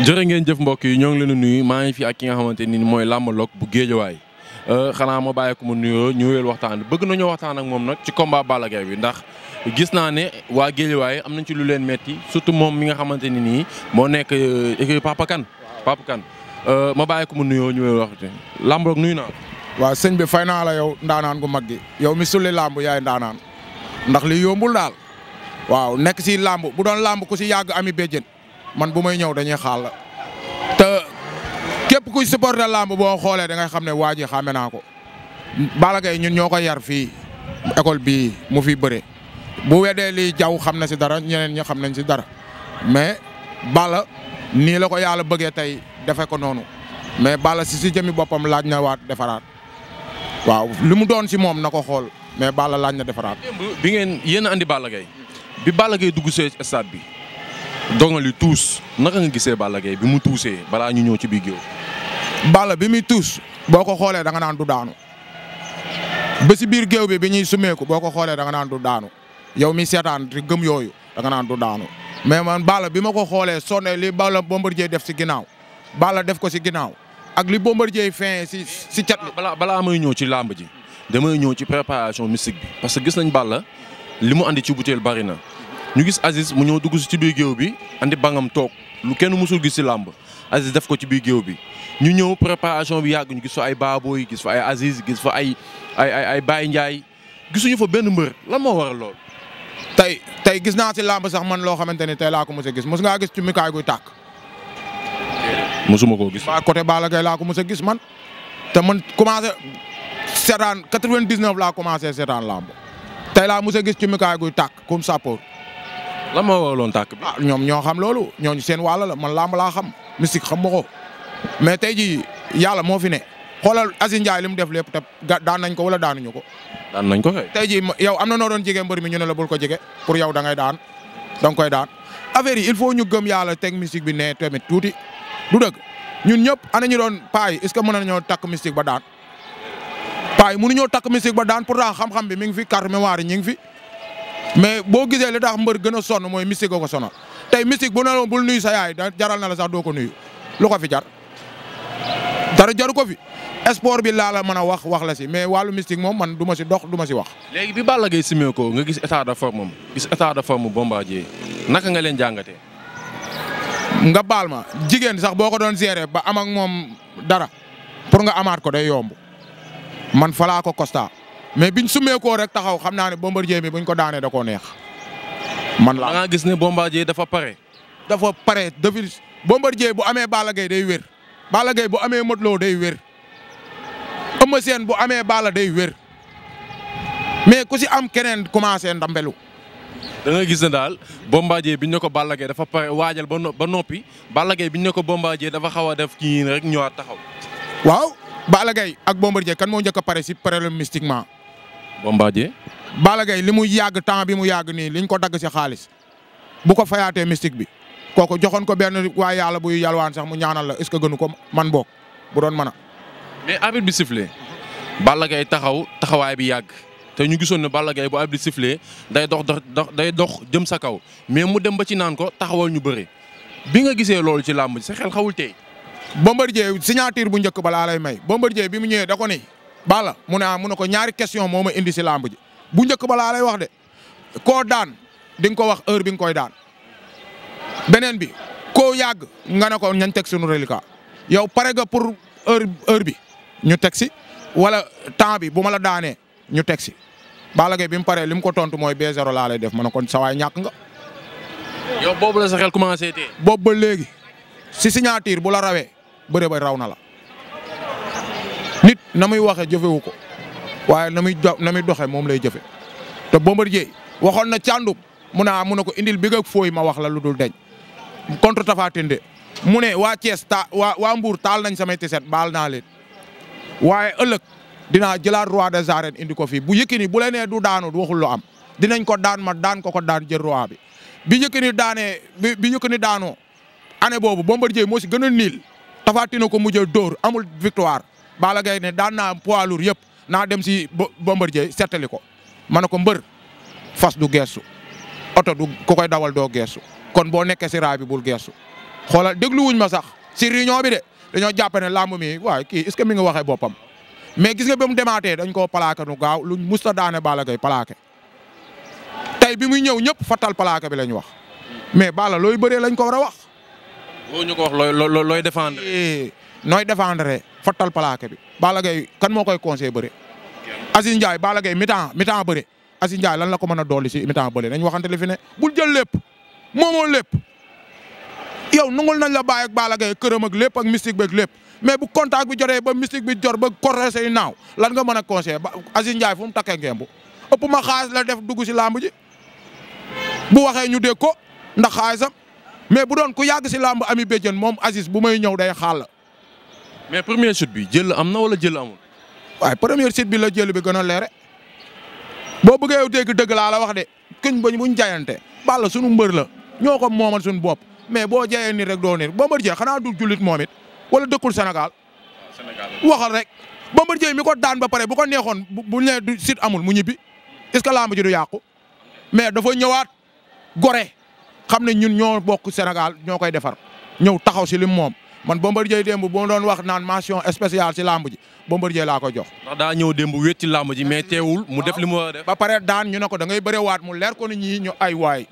jërë ngeen jëf mbokk yi ñoo ngi leen a nuy maa ngi fi ak ki nga xamante ni mooy Lamba Lock bu waay euh, xanaa ma bàyyi ko mu nuyoo ñu wéyal waxtaan bëgg nañoo waxtaan ak moom nag ci combat Balla Gaye bi ndax gis naa ne waa Géejawaay am nañ ci lu leen metti surtout moom mi nga xamante ni nii moo nekk euh, équipe Papa Kane Papa euh, ma bàyyi ko mu nuyoo ñu wéyal waxtaan Lamba Lock nuyu naa sëñ bi fay naa la yow ndaanaan gu mag gi yow mi sulli làmb yaay ndaanaan ndax li yombul daal waaw nekk si làmb bu doon làmb ku si yàgg ami béjjën man bu may ñëw dañuy xaal te képp kuy supporter làmb boo xoolee da ngay xam ne waa ji xàmme naa ko Balla Gaye ñun ñoo ko yar fii école bi mu fi bëre bu weddee lii jaww xam na si dara ñeneen ñi xam nañ si dara mais bala nii la ko yàlla bëggee tey defe ko noonu mais bala si si jëmi boppam laaj na waat defaraat waaw li mu doon si moom na ko xool mais Balla laaj na defaraat. bi ngeen yéen a andi Balla Gaye bi Balla Gaye dugg see stade bi. li tuus naka nga gisee Balla Gaye bi mu tuusee balaa ñu ñëw ci biir géew. Balla bi muy tuus boo ko xoolee da nga naan du daanu ba si biir géew bi bi ñuy sumeeku boo ko xoolee da nga naan du daanu yow mi seetaan te gëm yooyu da nga naan du daanu mais man Balla bi ma ko xoolee sonné li Balla Bombardier def si ginnaaw Balla def ko si ginnaaw ak li Bombardier fin si si cat li. balaa balaa may ñëw ci làmb ji damay ñëw ci préparation mystique bi parce que gis nañ bala li mu andi ci butéel bari na. ñu gis Aziz mu ñëw dugg si ci biir géew bi andi bangam toog lu kenn musul gis si làmb Aziz def ko ci biir géew bi ñu ñëw préparation bi yàgg ñu gis fa ay baabooy gis fa ay Aziz gis fa ay ay ay Ndiaye gisuñu fa benn mbër la moo waral lool. tey tey gis naa si làmb sax man loo xamante ni tey laa ko mos a gis mos ngaa gis ci mikaay guy tàkk. mosuma koo gis. côté Balla Gaye laa ko mos a gis man te man commencé seetaan 99 laa commencé seetaan làmb tey laa mos a gis ci mikaay guy tàkk comme sappoor. la moo waraloon loon bi. ah ñoom ñoo xam loolu ñooñu seen wàll la man làmb laa xam mystique xam ma ko mais tey jii yàlla moo fi ne xoolal Aziz Ndiaye li mu def lépp te daan nañ ko wala daanuñu ko. daan nañ ko te tey jii yow am na noo doon jege mbër mi ñu ne la bul ko jege pour yow da ngay daan da nga koy daan affaire yi il faut ñu gëm yàlla teg mystique bi ne tamit tuuti du dëgg ñun ñëpp ana ñu doon paa yi est ce que mën nañoo takk mystique ba daan paa yi mënuñoo takk mystique ba daan pourtant xam-xam bi mi ngi fi carte mémoire yi ñu ngi fi mais boo gisee li tax mbër gën a sonn mooy mystique ko sonal tey mystique bu ne la bul nuyu sa yaay da jaral na la sax doo ko nuyu lu ko fi jar dara jaru ko fi sport bi laa la mën a wax wax la si mais wàllu mystique moom man du ma si dox du ma si wax. léegi bi baal Gaye simee ko nga gis état de forme am gis état de forme Bombardier naka nga leen jàngatee. nga baal ma jigéen sax boo ko doon gérer ba am ak moom dara pour nga amaat ko day yomb man falaa ko constat mais biñ summeekoo rek taxaw xam naa ne bombardier bi buñ ko daanee da ko neex. man la da gis ne bombardier dafa pare. dafa pare dafa bombardier bu amee Balla Gaye day wér. bala Gaye bu amee Modou Lo day wér. Eumeu Sène bu amee Balla day wér. mais ku si am keneen commencé ndambelu. da nga gis ne daal bombardier biñ ne ko Balla Gaye dafa pare waajal ba ba noppi bala Gaye biñ ne ko bombajee dafa xaw a def kii rek ñëwaat taxaw. waaw Balla Gaye ak bombardier kan moo njëkk pare si problème mystiquement. Bombardier. Balla Gaye li mu yàgg temps bi mu yàgg nii liñ ko dagg si xaalis bu ko fayaatee mystique bi kooku joxoon ko benn waa yàlla buy yalwaan sax mu ñaanal la est-ce que gënu ko man boog bu doon mën a. mais arbitre bi sifflé Balla Gaye taxaw taxawaay bi yàgg te ñu gisoon ne Balla gay bu arbitre sifflé day dox dox day dox jëm sa kaw mais mu dem ba ci naan ko taxawal ñu bëri bi nga gisee loolu ci làmb sa xel xawul tey. Bombardier signature bu njëkk balaa lay may Bombardier bi mu ñëwee da ko bala mu ne ah mu ne ko ñaari question moo ma indi si làmb ji bu njëkk ba laa lay wax de koo daan di nga ko wax heure bi nga koy daan beneen bi ko yàgg nga ne ko ñañ teg suñu reliquat yow pare nga pour heure heure bi ñu teg si wala temps bi bu ma daanee ñu teg si Balla Gaye bi mu paree li mu ko tontu mooy B0 def ma ne kon sa waay ñàkk nga. yow boobu la sa xel commencé tee. boobu ba léegi si signature bu la rawee bëre ba raw na la. nit na muy waxee jëfewu ko waaye na muy na muy doxee moom lay jëfe te Bombardier waxoon na càndum mu ne ah mu ne ko indil bi nga fooy ma wax la lu dul deñ contre Tapha Tine de mu ne waa Thiès ta waa waa Mbour taal nañ samay tiset baal naa leen waaye ëllëg dinaa jëlaat roi des arènes indi ko fii bu Yékini bu la nee du daanu waxul lu am dinañ ko daan ma daan ko ko daan jël roi bi. bi daane daanee bi bi Yékini daanoo année boobu Bombardier moo si gën a niil Tapha Tine ko mujjee door amul victoire Balla Gaye ne daan naa poids lourd yëpp naa dem si Bombardier settali ko ma ne ko mbër fas du geesu oto du ku koy dawal doo geesu kon boo nekkee si raay bi bul geesu xoola déglu wuñ ma sax si réunion bi de dañoo jàpp ne làmb mi waaye kii est-ce que mi nga waxee boppam mais gis nga ba mu demaatee dañ koo plaqué nu gaaw luñ musta daane Balla Gaye plaqué bi muy ñëw ñëpp fattal plaqué bi lañ wax mais bala looy bëree lañ ko war a wax. woo ñu ko wax looy looy défendre. Eh, nooy défendre fottal palaake bi Balla Gaye kan moo koy conseil bëri Aziz Ndiaye Balla Gaye mi-temps mi bëri Aziz Ndiaye lan la ko mën a dolli si mi-temps bëri nañ waxante li fi ne bu jël lépp moomoo lépp yow nangul nañ la bàyyi ak Balla Gaye këram ak lépp ak mystique beeg lépp mais bu contact bi jotee ba mystique bi jor ba corrosé yu naaw lan nga mën a conseillé ba Aziz Ndiaye fu mu takkee ngembu ëpp ma xaalis la def dugg si làmb ji bu waxee ñu dégg ko ndax xaalisam mais bu doon ku yàgg si làmb ami béjjën moom Aziz bu may ñëw day xaal mais premier chute bi jël am na wala jël amul. waaye première chute bi la jël bi gën a leere boo bëggee dégg dëgg laa wax de kuñ bañ buñ jaayante Balla sunu mbër la ñoo ko moomal sunu bopp mais boo jaayee nit rek doo nit Bombardier xanaa du julit moom it wala dëkkul senegal ah, waxal rek Bombardier mi ko daan ba pare bu ko neexoon bu nee du site amul mu ñibbi est-ce que lamb ji du yàqu mais dafa ñëwaat gore xam ne ñun ñoo bokk Sénégal ñoo koy defar ñëw taxaw si lim moom. man Bombardier démb bu ma doon wax naan mention spéciale ci làmb ji Bombardier laa ko jox. ndax daa ñëw démb wéet ci làmb teewul mu def li mu war a def. ba daan ñu ne ko da ngay bërewaat mu leer ko ni ñii ñu ay waay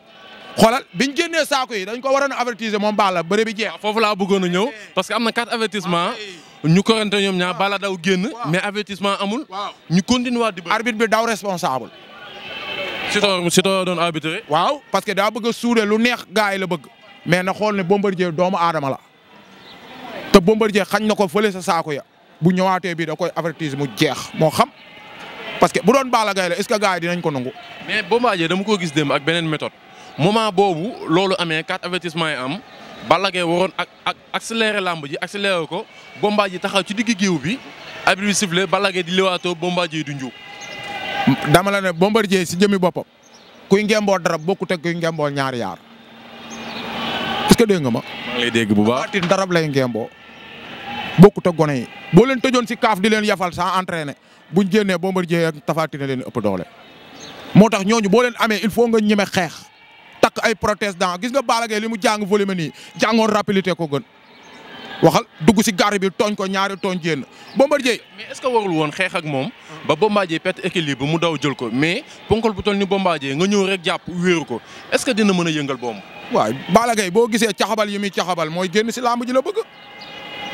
xoolal biñ génnee saako yi dañ ko waroon a avertiser moom Balla bëre bi jeex. Ah, foofu laa bëggoon a ñëw parce que am na quatre avertissement ñu korante ñoom ñaar Balla daw génn. mais avertissement amul. ñu continuer di. arbitre bi daw responsable. Siteu Siteu waaw parce que daa bëgg a lu neex gars la bëgg mais na xool ne Bombardier doomu aadama la te Bombardier xañ na ko fële sa saako ya bu ñëwaatee bii da koy avertir mu jeex moo xam parce que bu doon Balla Gaye la est-ce que gars ko nangu. mais Bombardier dama ko gis dem ak beneen méthode moment boobu loolu amee quatre avertissement yi am Balla Gaye waroon ak ak accélérer lamb ji accélérer ko Bombardier taxaw ci digg géew bi arbitre bi sifflé Balla Gaye di liwaatoo Bombardier du nju. dama la ne Bombardier si jëmi boppam kuy ngemboo dara bokkut ak kuy ngemboo ñaari yaar est que dégg nga ma. maa ngi lay dégg bu baax darab bokkut a gone yi boo leen tëjoon si kaaf di leen yafal sans entraîner buñ génnee Bombardier ak Tapha Tine leen ëpp doole. moo tax ñooñu boo leen amee il faut nga ñeme xeex tak ay protestant gis na Balla li mu jàng volume nii jàngoon rapidité ko gën. waxal dugg si gàr bi tooñ ko ñaari tooñ jéen Bombardier mais est ce que warul woon xeex ak moom. ba Bombardier perte équilibre mu daw jël ko mais ponkol bu toll ni Bombardier nga ñëw rek jàpp wéeru ko est ce que dina mën a yëngal bomb. waaw Balla Gaye boo gisee caxabal yi muy caxabal mooy génn si làmb ji la bëgg.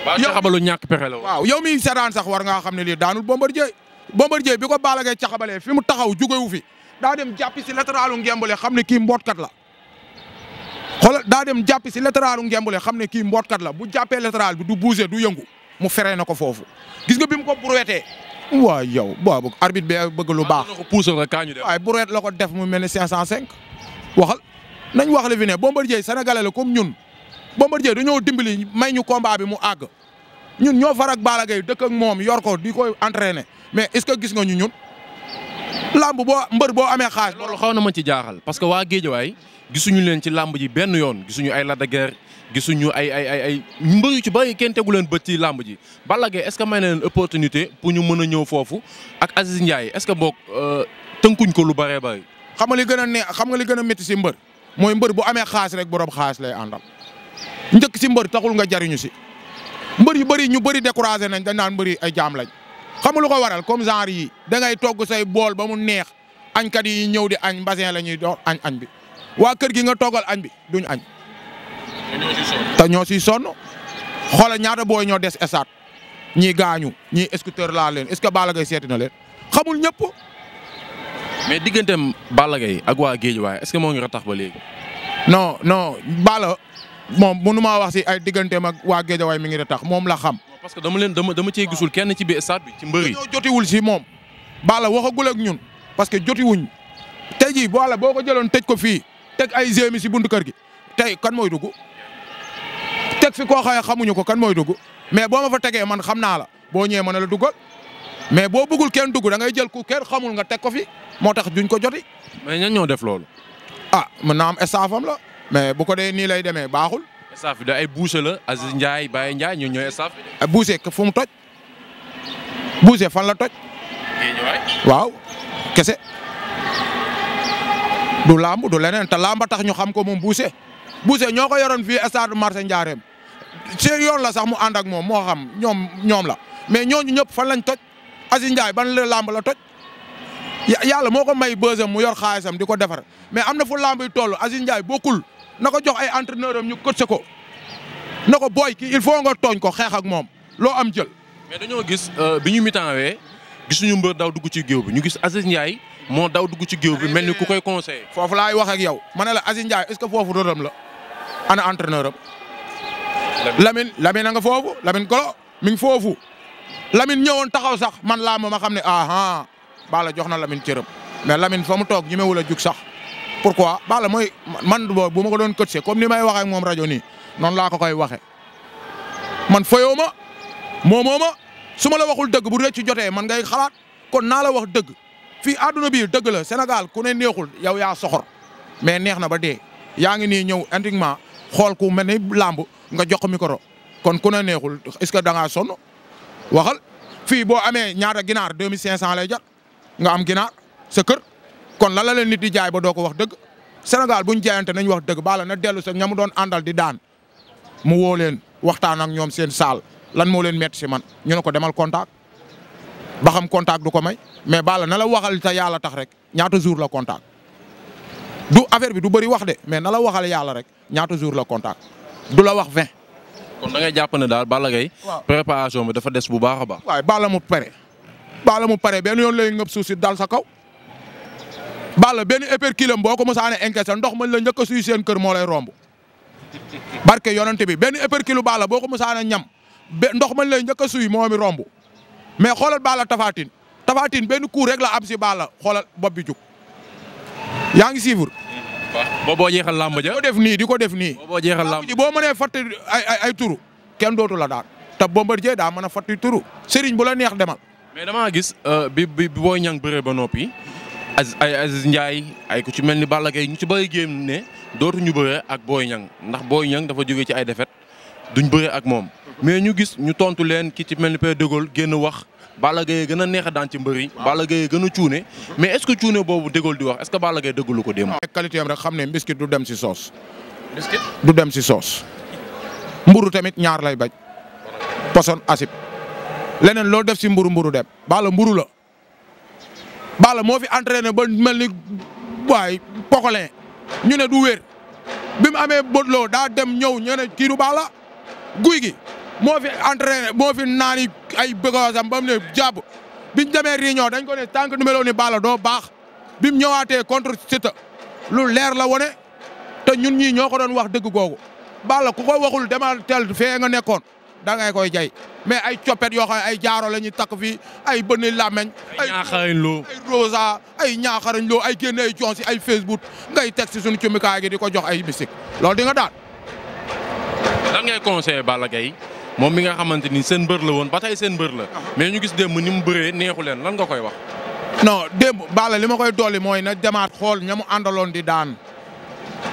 yow caxabalu ñàkk pexe la waaw yow mi seetaan sax war ngaa xam ne lii daanul Bombardier Bombardier bi ko Balla Gaye caxabalee fi mu taxaw jugewu fi daa dem jàppi si latéralu ngembale xam ne kii mbootkat la xoolal daa dem jàppi si latéralu ngembale xam ne kii mbootkat la bu jàppee latéral bi du bouger du yëngu mu feree na ko foofu gis nga bi mu ko brouetté waaw yow boobu arbitre bi bëgg lu baax waaye brouette la ko def mu mel ne cinq cent cinq waxal nañ wax le fi ne Bombardier sénégalais la comme ñun Bombardier ñëw dimbali may ñu combat bi mu àgg ñun ñoo far ak Balla Gaye dëkk moom yor ko di koy entraîner mais est-ce que gis nga ñu ñun. làmb boo mbër boo amee xaaj. loolu xaw na ma ci jaaxal parce que waa Géejawaay gisuñu leen ci làmb ji benn yoon gisuñu ay Lac de Guiers gisuñu ay ay ay ay mbër yu ci bari kenn tegu leen bët ci làmb ji. Balla Gaye est-ce que may na leen opportunité pour ñu mën a ñëw foofu ak Aziz Ndiaye est-ce que boog euh, tënkuñ ko lu bëree bëri. xam nga li gën a ne xam nga li gën a métti mbër mooy mbër bu amee xaas rek borom xaas lay àndal. njëkk si mbër xul nga jariñu si mbër yu bëri ñu bëri découragé nañ dañ naan mbëri ay jaam lañ xam lu ko waral comme genre yi da ngay togg say bool ba mu neex añkat yi ñëw di añ mbasin la ñuy doon añ añ bi waa kër gi nga toggal añ bi duñ añ. te ñoo siy sonn xoolal ñaata booy ñoo des esaat ñii gaañu ñi scooter laa leen est ce que Balla Gaye seeti na leen xamul ñëpp. mais digganteem Balla Gaye ak waa Géejawaay est ce moo ngi tax ba léegi. non non moom mënumaa wax si ay digganteem ak waa Guédiawaye mi ngi da tax moom la xam. parce que dama leen dama dama cee gisul kenn ci biir stade bi ci mbër yi. ñoo jotiwul si moom. Balla waxagul ak ñun parce que jotiwuñ tey jii Balla boo ko jëloon tëj ko fii teg ay gémi si buntu kër gi tey kan mooy dugg teg fi koo xaye xamuñu ko kan mooy dugg mais boo ma fa tegee man xam naa la boo ñëwee ma ne la duggal mais boo bëggul kenn dugg dangay jël ku kenn xamul nga teg ko fi moo tax duñ ko joti. mais ñan ñoo def loolu. ah mën naa am estafam la. mais bu ko dee nii lay demee baaxul. staff bi ay Boucher la Aziz Ndiaye Baye Ndiaye ñoo ñooy staff bi. Ah, Boucher fu mu toj Boucher fan la toj. waaw kese du lamb du leneen te lamba tax ñu xam ko moom Boucher Boucher ñoo ko yoroon fii stade marché Ndiarème ci yoon la sax mu ànd ak moom moo xam ñoom ñoom la mais ñooñu ñëpp fan lañ toj Aziz Ndiaye ban la lamb la toj. yàlla moo ko may bësam mu yor xaalisam di ko defar mais am na fu lamb yi toll Aziz Ndiaye bokkul. na ko jox ay entraîneur am ñu coaché ko na ko booy kii il faut nga tooñ ko xeex ak moom loo am jël. mais dañoo gis euh, bi ñu mitaawee gisuñu mbër daw dugg ci géew bi ñu gis Aziz Ndiaye moo daw dugg ci giw bi mel ni ku koy conseillé. foofu laay wax ak yow ma ne la Aziz Ndiaye est ce que foofu rëram la ana entraîneur am. lamin Lamine a nga foofu lamin Golo min foofu lamin ñëwoon taxaw sax man laa ma xam ne ah ah Balla jox na Lamine cëram mais lamin fa mu toog ñemewul a jug sax. pourquoi Balla mooy man boobu bu ma ko doon coacher comme ni may waxee ak moom rajo nii laa ko koy waxe man fayoo ma moomoo ma su ma la waxul dëgg bu rëcc jotee man ngay xalaat kon naa la wax dëgg fii àdduna bi dëgg la Sénégal ku ne neexul yow yaa soxor mais neex na ba dee yaa ngi ni ñëw indiquement xool ku mel ni làmb nga jox mi koro kon ku ne neexul est-ce que da ngaa waxal fii boo amee ñaata ginaar 2500 lay jar nga am ginaar sa kon lan la leen nit di jaay ba doo ko wax dëgg Sénégal buñ jaayante nañ wax dëgg bala na dellu sa ñamu doon àndal di daan mu woo leen waxtaan ak ñoom seen saal lan moo leen métti si man ñu ne ko demal contact ba xam contact du ko may mais bala na la waxal te yàlla tax rek ñaata jour la contact du affaire bi du bëri wax de mais na la waxal yàlla rek ñaata jour la contact du la wax 20. kon da ngay jàpp ne daal Balla Gaye préparation bi dafa des bu baax a baax. waaye Balla mu pare Balla mu pare benn yoon lay ngëb suuf si dal sa kaw. Balla benn éperculé boo ko mosaane encaissé ndox mañ la njëkk a seen kër moo lay romb barke yonante bi benn éperculé baala boo ko mosaane ñam ndox mañ lay njëkk a suy moo mi romb mais xoolal Balla Tafatine Tafatine benn coup rek la am si Balla xoolal bopp bi jug yaa ngi siifur. boo jeexal làmb ja. def nii di ko def nii. boo jeexal làmb ji boo mënee fatt ay ay turu kenn dootu la daal te jee daa mën a fàttali turu Serigne bu la neex demal. mais damaa gis euh, bi bi booy ñang bëree ba noppi. ay Aziz Ndiaye ay ku ci mel ni Balla Gaye ñu ci bëri génn ne dootuñu bëree ak Boy Niang ndax Boy Niang dafa jógee ci ay défaite duñ bëree ak moom. mais ñu gis ñu tontu leen ki ci mel ni Père de Gaulle génn wax Balla Gaye gën a neex daan ci mbër yi. Balla Gaye gën a cuune mais est ce que cuune boobu de di wax est ce que Balla Gaye ko démb. qualité am rek xam ne biscuit du dem si soos. biscuit dem si soos. mburu tamit ñaar lay bañ. poson asib leneen loo def si mburu mburu dem Balla mburu la. baala moo fi entraîné ba mel ni waay pokolin ñu ne du wér bi mu amee Modou Lo daa dem ñëw ñu ne baala guy gi moo fi entraîné moo fi naani ay bëggoosam ba mu ne jàpp biñ demee réunion dañ ko ne tant que numéro ni baala doo baax bi mu ñëwaatee contre Siteu lu leer la wone te ñun ñii ñoo ko doon wax dëgg googu Balla ko ko waxul demal tel fee nga nekkoon. da ngay koy jay mais ay coppet yoo xam ne ay jaaro la ñuy takk fii ay bënni làmmeñ ay ñaaxarañ ay rosa ay ñaaxarañ loo ay génne ay coon si ay facebook ngay teg si suñu cumikaay gi di ko jox ay bisik loolu di nga daan lan ngay bala Balla Gaye moom mi nga xamante ni seen bër la woon ba tey seen bër la uh-huh. mais ñu gis démb ni mu bëree neexu leen lan nga koy wax no démb Balla li ma koy dolli mooy na demaat xool ña mu àndaloon di daan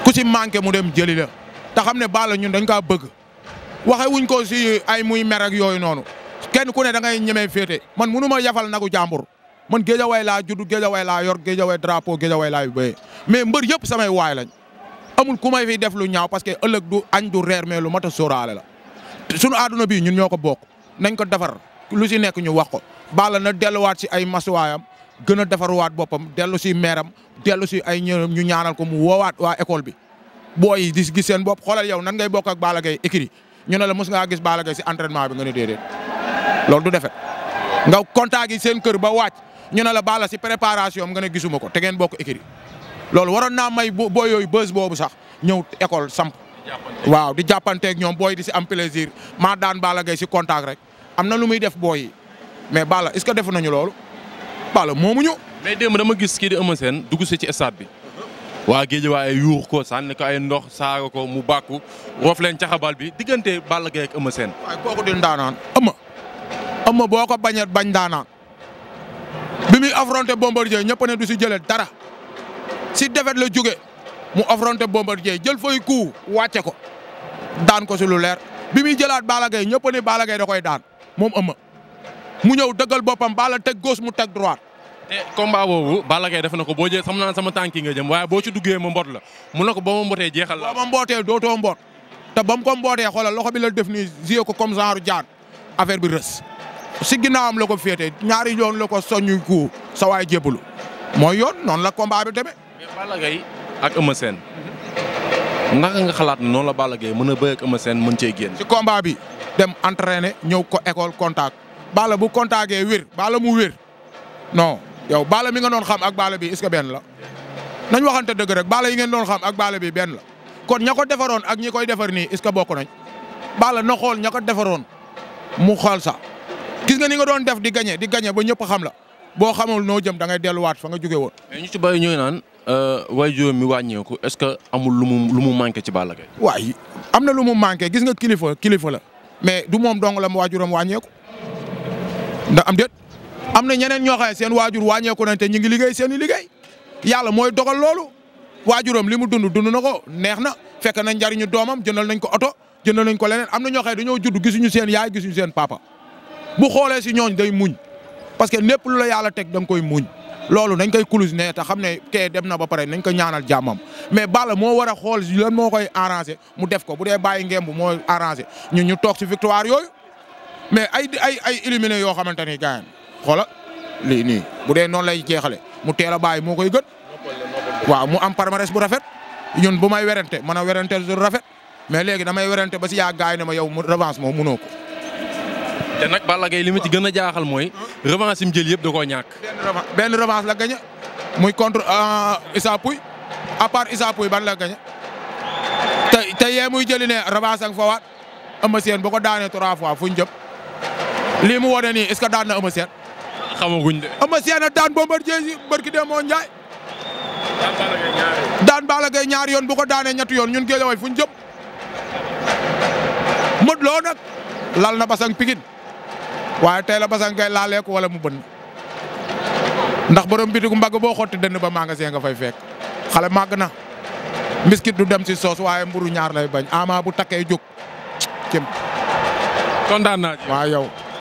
ku si manqué mu dem jëli la te xam ne Balla ñun dañ kaa bëgg waxe wuñ ko si ay muy mer ak yooyu noonu kenn ku ne da ngay ñemee féete man munu ma yafal nagu jàmbur man géejawaay laa judd géejawaay laa yor géejawaay drapeau géejawaay laa yu béyee mbër yëpp samay waay lañ amul ku may fiy def lu ñaaw parce que ëllëg du añ du reer mais lu mat a la sunu àdduna bi ñun ñoo ko bokk nañ ko defar lu si nekk ñu wax ko Balla na delluwaat si ay masuwaayam gën a defarwaat boppam dellu si meeram dellu si ay ñëram ñu ñaanal ko mu woowaat waa école bi booy yi gis seen bopp xoolal yow nan ngay bokk ak Balla Gaye écrit ñu ne la mos ngaa gis baala Gaye si entraînement bi nga ne déedéet loolu du defet nga contact yi seen kër ba wàcc ñu ne la baala si préparation am nga ne gisuma ko te ngeen bokk écrit loolu waroon naa may boo yooyu bës boobu sax ñëw école samp waaw di jàppanteeg ñoom booy di si am plaisir maa daan baala gay si contact rek am na lu muy def booy yi mais Balla est-ce que defu nañu loolu Balla moomuñu. mais démb ma gis kii di Eumeu Sène dugg si ci stade bi. waa géej Géejawaay yuux ko sànni ko ndox saaga ko mu bàkku roof leen caxabal bi diggante Balla Gaye ak Eumeu Sène. waaye kooku di ndaanaan Eumeu Eumeu boo ko bañee bañ ndaanaan bi muy affronté Bombardier ñëpp ne du si jëlee dara si defet la jóge mu affronté Bombardier jël fay ku wàcce ko daan ko si lu leer bi muy jëlaat Balla Gaye ñëpp ne Balla Gaye koy daan moom Eumeu mu ñëw dëggal boppam Balla teg gauche mu teg droite. te eh, combat boobu Balla Gaye def na ko boo jëlee xam naa sama tànk yi nga jëm waaye boo ci duggee ma mbot la mu ne ko ba ma mbotee jeexal la. waaw ma mbootee dootoo mboot te ba mu ko mbootee xoolal loxo bi la def nii jiyee ko comme genre jaar affaire bi rës si ginnaawam la ko féete ñaari yoon la ko soññu ku sa waay jébbalu mooy yoon noon la combat bi demee. mais Balla Gaye ak Eumeu naka nga xalaat ne noonu la Balla Gaye mën a bëre ak Eumeu mën cee génn. si combat bi dem entraîner ñëw ko école contact Balla bu contactee wér Balla mu wér non. yow baale mi nga doon xam ak baale bi est-ce benn la nañ waxante dëgg rek baale yi ngeen doon xam ak baale bi benn la kon ña ko defaroon ak ñi koy defar nii est-ce que bokk nañ baale na xool ña ko defaroon mu xool sax gis nga ni nga doon def di gagné di gagné ba ñëpp xam la boo xamul noo jëm da ngay delluwaat fa nga jóge woon. ñu ci bàyyi ñooy naan euh, waaye juróom mi wàññeeku est-ce que amul lu mu lu mu manqué ci Balla Gaye. waay am na lu mu manqué gis nga kilifa kilifa la mais du moom dong la mu waajuram wàññeeku ndax am déet am na ñeneen ñoo seen waajur wàññeeku nañ te ñu ngi liggéey seen i liggéey yàlla mooy dogal loolu waajuram li mu dund dund na ko neex na fekk nañ njariñu doomam jëndal nañ ko oto jëndal nañ ko leneen am na ñoo xam ne dañoo judd gisuñu seen yaay gisuñu seen papa bu xoolee si ñooñ day muñ parce que lépp lu la yàlla teg da nga koy muñ loolu nañ koy kulus ne te xam ne kee dem na ba pare nañ ko ñaanal jàmmam mais Balla moo war a xool lan moo koy arrangé mu def ko bu dee bàyyi ngemb moo arrangé ñun ñu toog si victoire yooyu mais ay ay ay éliminé yoo xamante ni gaañ xoola lii nii bu dee noonu lay jeexale mu teel a bàyyi moo koy gën waaw mu am palmarès bu rafet ñun bu may werante man a werante du rafet mais léegi damay werante ba si yaa gaay ne ma yow mu revanche moom mënoo ko. te nag Balla Gaye li ma ci gën a jaaxal mooy revanche yi mu jël yëpp da koo ñàkk. benn revanche la gañe muy contre euh, Issa Pouye à part Issa Pouye ban la gañe te te yee muy jëli ne revanche ak fawaat Eumeu Sène bu ko daanee trois fois fu ñu jëm lii mu wone nii est ce que daan na Eumeu xamaguñ de. Eumeu Sène daan Bombardier si barki Demba Ndiaye. daan Balla Gaye ñaari yoon bu ko daanee ñetti yoon ñun Guédiawaye fu ñu jëm. Modou Lo nag lal na basang Pikine waaye tey la basang kay laalee ko wala mu bënn ndax borom bitigu mbagg boo xotti dënn ba magasin nga fay fekk xale màgg na mbiskit du dem si soos waaye mburu ñaar lay bañ ama bu takkee jóg cim kontaan naa waaw yow